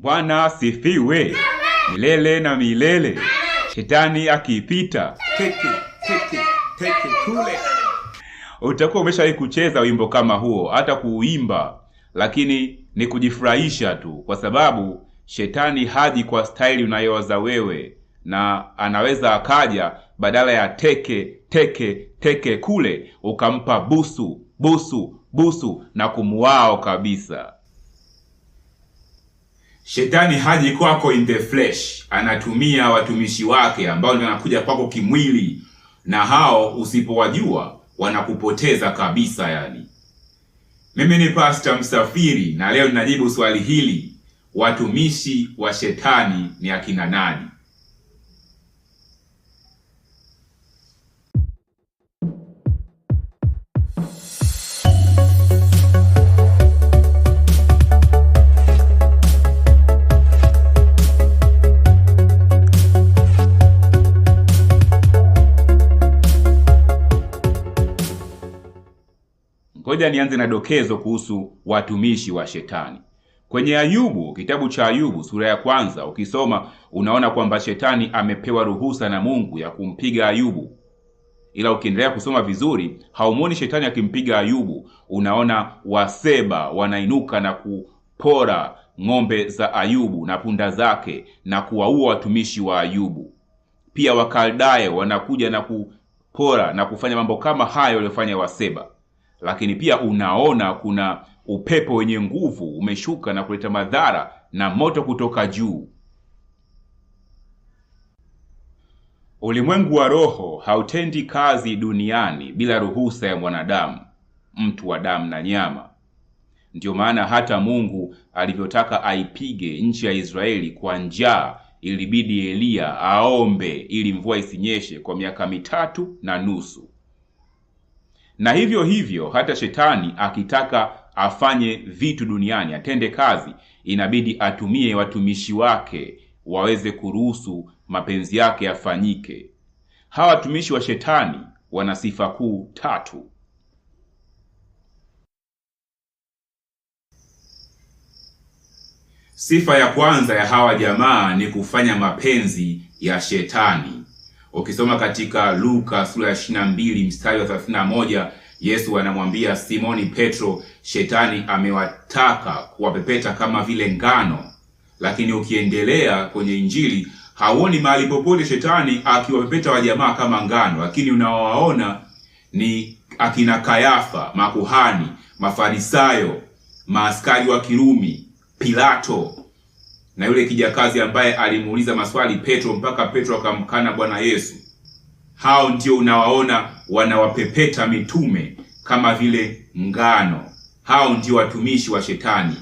Bwana sifiwe milele na milele. Shetani akiipita teke teke teke kule, utakuwa umeshawahi kucheza wimbo kama huo, hata kuuimba, lakini ni kujifurahisha tu, kwa sababu shetani haji kwa staili unayowaza wewe, na anaweza akaja badala ya teke teke teke kule, ukampa busu busu busu na kumuwao kabisa. Shetani haji kwako in the flesh, anatumia watumishi wake ambao wanakuja kwako kimwili, na hao usipowajua wanakupoteza kabisa. Yani mimi ni Pastor Msafiri na leo ninajibu swali hili, watumishi wa shetani ni akina nani? Ngoja nianze na dokezo kuhusu watumishi wa Shetani. Kwenye Ayubu, kitabu cha Ayubu sura ya kwanza, ukisoma unaona kwamba Shetani amepewa ruhusa na Mungu ya kumpiga Ayubu, ila ukiendelea kusoma vizuri haumwoni Shetani akimpiga Ayubu. Unaona Waseba wanainuka na kupora ng'ombe za Ayubu na punda zake na kuwaua watumishi wa Ayubu. Pia Wakaldaye wanakuja na kupora na kufanya mambo kama hayo waliofanya Waseba lakini pia unaona kuna upepo wenye nguvu umeshuka na kuleta madhara na moto kutoka juu. Ulimwengu wa roho hautendi kazi duniani bila ruhusa ya mwanadamu, mtu wa damu na nyama. Ndiyo maana hata Mungu alivyotaka aipige nchi ya Israeli kwa njaa, ilibidi Eliya aombe ili mvua isinyeshe kwa miaka mitatu na nusu. Na hivyo hivyo hata shetani akitaka afanye vitu duniani, atende kazi, inabidi atumie watumishi wake waweze kuruhusu mapenzi yake yafanyike. Hawa watumishi wa shetani wana sifa kuu tatu. Sifa ya kwanza ya hawa jamaa ni kufanya mapenzi ya shetani. Ukisoma katika Luka sura ya 22 mstari wa 31, Yesu anamwambia Simoni Petro, shetani amewataka kuwapepeta kama vile ngano. Lakini ukiendelea kwenye Injili hauoni mahali popote shetani akiwapepeta wajamaa kama ngano, lakini unaowaona ni akina Kayafa, makuhani, Mafarisayo, maaskari wa Kirumi, Pilato na yule kijakazi ambaye alimuuliza maswali Petro mpaka Petro akamkana Bwana Yesu. Hao ndio unawaona wanawapepeta mitume kama vile ngano. Hao ndio watumishi wa Shetani,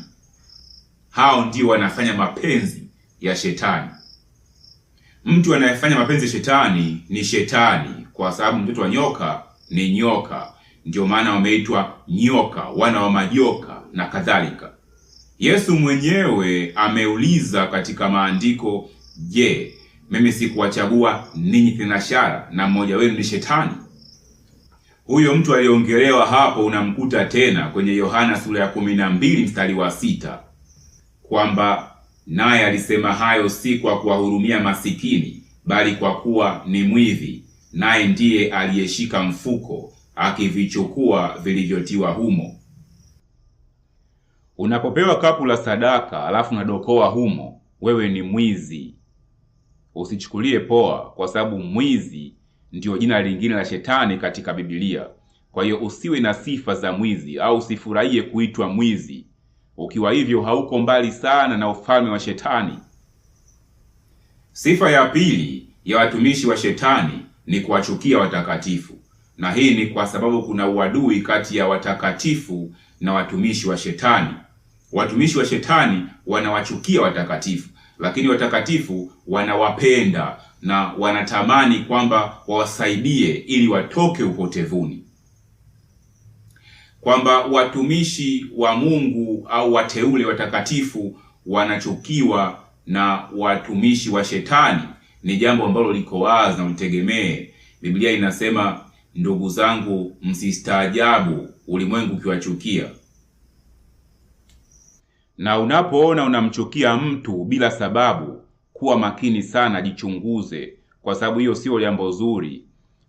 hao ndio wanafanya mapenzi ya Shetani. Mtu anayefanya mapenzi ya Shetani ni Shetani, kwa sababu mtoto wa nyoka ni nyoka. Ndio maana wameitwa nyoka, wana wa majoka na kadhalika. Yesu mwenyewe ameuliza katika maandiko, je, mimi sikuwachagua ninyi thenashara na mmoja wenu ni shetani? Huyo mtu aliyeongelewa hapo unamkuta tena kwenye Yohana sura ya 12 mstari wa sita kwamba naye alisema hayo si kwa kuwahurumia masikini, bali kwa kuwa ni mwivi, naye ndiye aliyeshika mfuko akivichukua vilivyotiwa humo. Unapopewa kapu la sadaka alafu unadokoa humo, wewe ni mwizi. Usichukulie poa, kwa sababu mwizi ndiyo jina lingine la shetani katika Biblia. Kwa hiyo usiwe na sifa za mwizi au usifurahie kuitwa mwizi. Ukiwa hivyo, hauko mbali sana na ufalme wa shetani. Sifa ya pili ya watumishi wa shetani ni kuwachukia watakatifu na hii ni kwa sababu kuna uadui kati ya watakatifu na watumishi wa Shetani. Watumishi wa Shetani wanawachukia watakatifu, lakini watakatifu wanawapenda na wanatamani kwamba wawasaidie ili watoke upotevuni. Kwamba watumishi wa Mungu au wateule watakatifu wanachukiwa na watumishi wa Shetani ni jambo ambalo liko wazi na litegemee Biblia inasema Ndugu zangu, msistaajabu ulimwengu ukiwachukia. Na unapoona unamchukia mtu bila sababu, kuwa makini sana, jichunguze, kwa sababu hiyo siyo jambo zuri.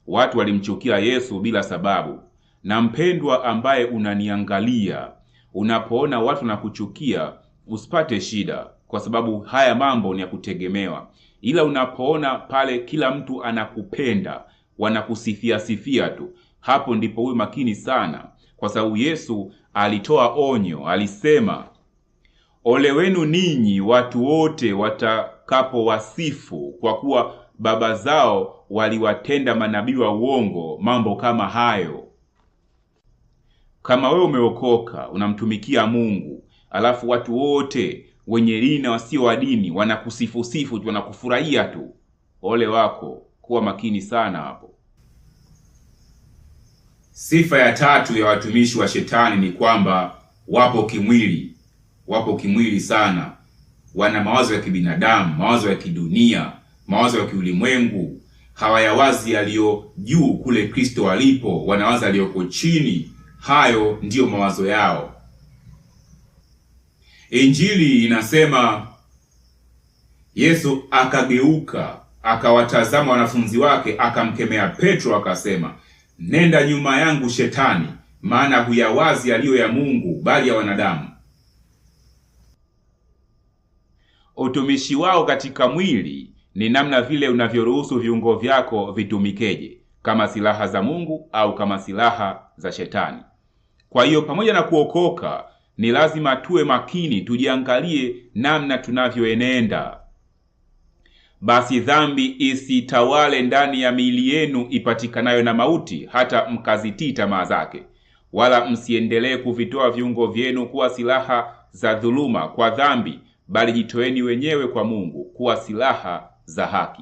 Watu walimchukia Yesu bila sababu. Na mpendwa, ambaye unaniangalia, unapoona watu kuchukia, usipate shida, kwa sababu haya mambo ni ya kutegemewa. Ila unapoona pale kila mtu anakupenda wanakusifia sifia tu. Hapo ndipo huyu makini sana, kwa sababu Yesu alitoa onyo, alisema, ole wenu ninyi watu wote watakapowasifu, kwa kuwa baba zao waliwatenda manabii wa uongo mambo kama hayo. Kama wewe umeokoka unamtumikia Mungu, alafu watu wote wenye dini na wasio wa dini wanakusifusifu tu, wanakufurahia tu, ole wako kuwa makini sana hapo. Sifa ya tatu ya watumishi wa shetani ni kwamba wapo kimwili, wapo kimwili sana. Wana mawazo ya kibinadamu, mawazo ya kidunia, mawazo ya kiulimwengu. Hawayawazi yaliyo juu kule Kristo alipo, wanawaza yaliyoko chini. Hayo ndiyo mawazo yao. Injili inasema Yesu akageuka akawatazama wanafunzi wake, akamkemea Petro akasema, nenda nyuma yangu Shetani, maana huyawazi yaliyo ya Mungu bali ya wanadamu. Utumishi wao katika mwili ni namna vile unavyoruhusu viungo vyako vitumikeje, kama silaha za Mungu au kama silaha za Shetani. Kwa hiyo pamoja na kuokoka, ni lazima tuwe makini, tujiangalie namna tunavyoenenda basi dhambi isitawale ndani ya miili yenu ipatikanayo na mauti, hata mkazitii tamaa zake, wala msiendelee kuvitoa viungo vyenu kuwa silaha za dhuluma kwa dhambi, bali jitoeni wenyewe kwa Mungu kuwa silaha za haki.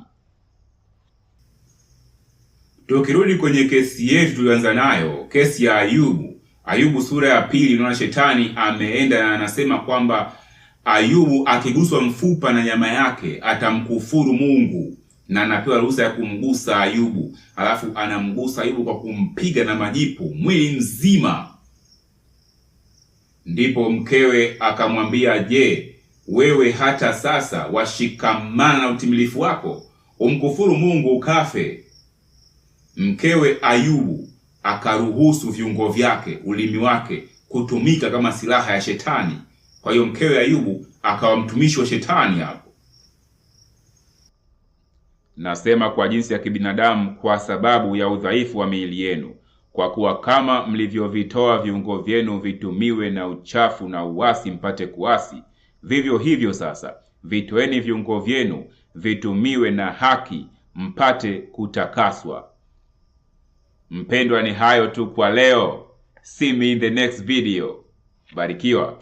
Tukirudi kwenye kesi yetu tulianza nayo, kesi ya Ayubu, Ayubu sura ya pili, naona shetani ameenda na anasema kwamba Ayubu akiguswa mfupa na nyama yake atamkufuru Mungu, na anapewa ruhusa ya kumgusa Ayubu, alafu anamgusa Ayubu kwa kumpiga na majipu mwili mzima. Ndipo mkewe akamwambia, je, wewe hata sasa washikamana na utimilifu wako? Umkufuru Mungu ukafe. Mkewe Ayubu akaruhusu viungo vyake, ulimi wake kutumika kama silaha ya Shetani kwa hiyo mkewe Ayubu akawa mtumishi wa shetani hapo. Nasema kwa jinsi ya kibinadamu kwa sababu ya udhaifu wa miili yenu, kwa kuwa kama mlivyovitoa viungo vyenu vitumiwe na uchafu na uasi mpate kuasi, vivyo hivyo sasa vitoeni viungo vyenu vitumiwe na haki mpate kutakaswa. Mpendwa, ni hayo tu kwa leo. See me in the next video. Barikiwa.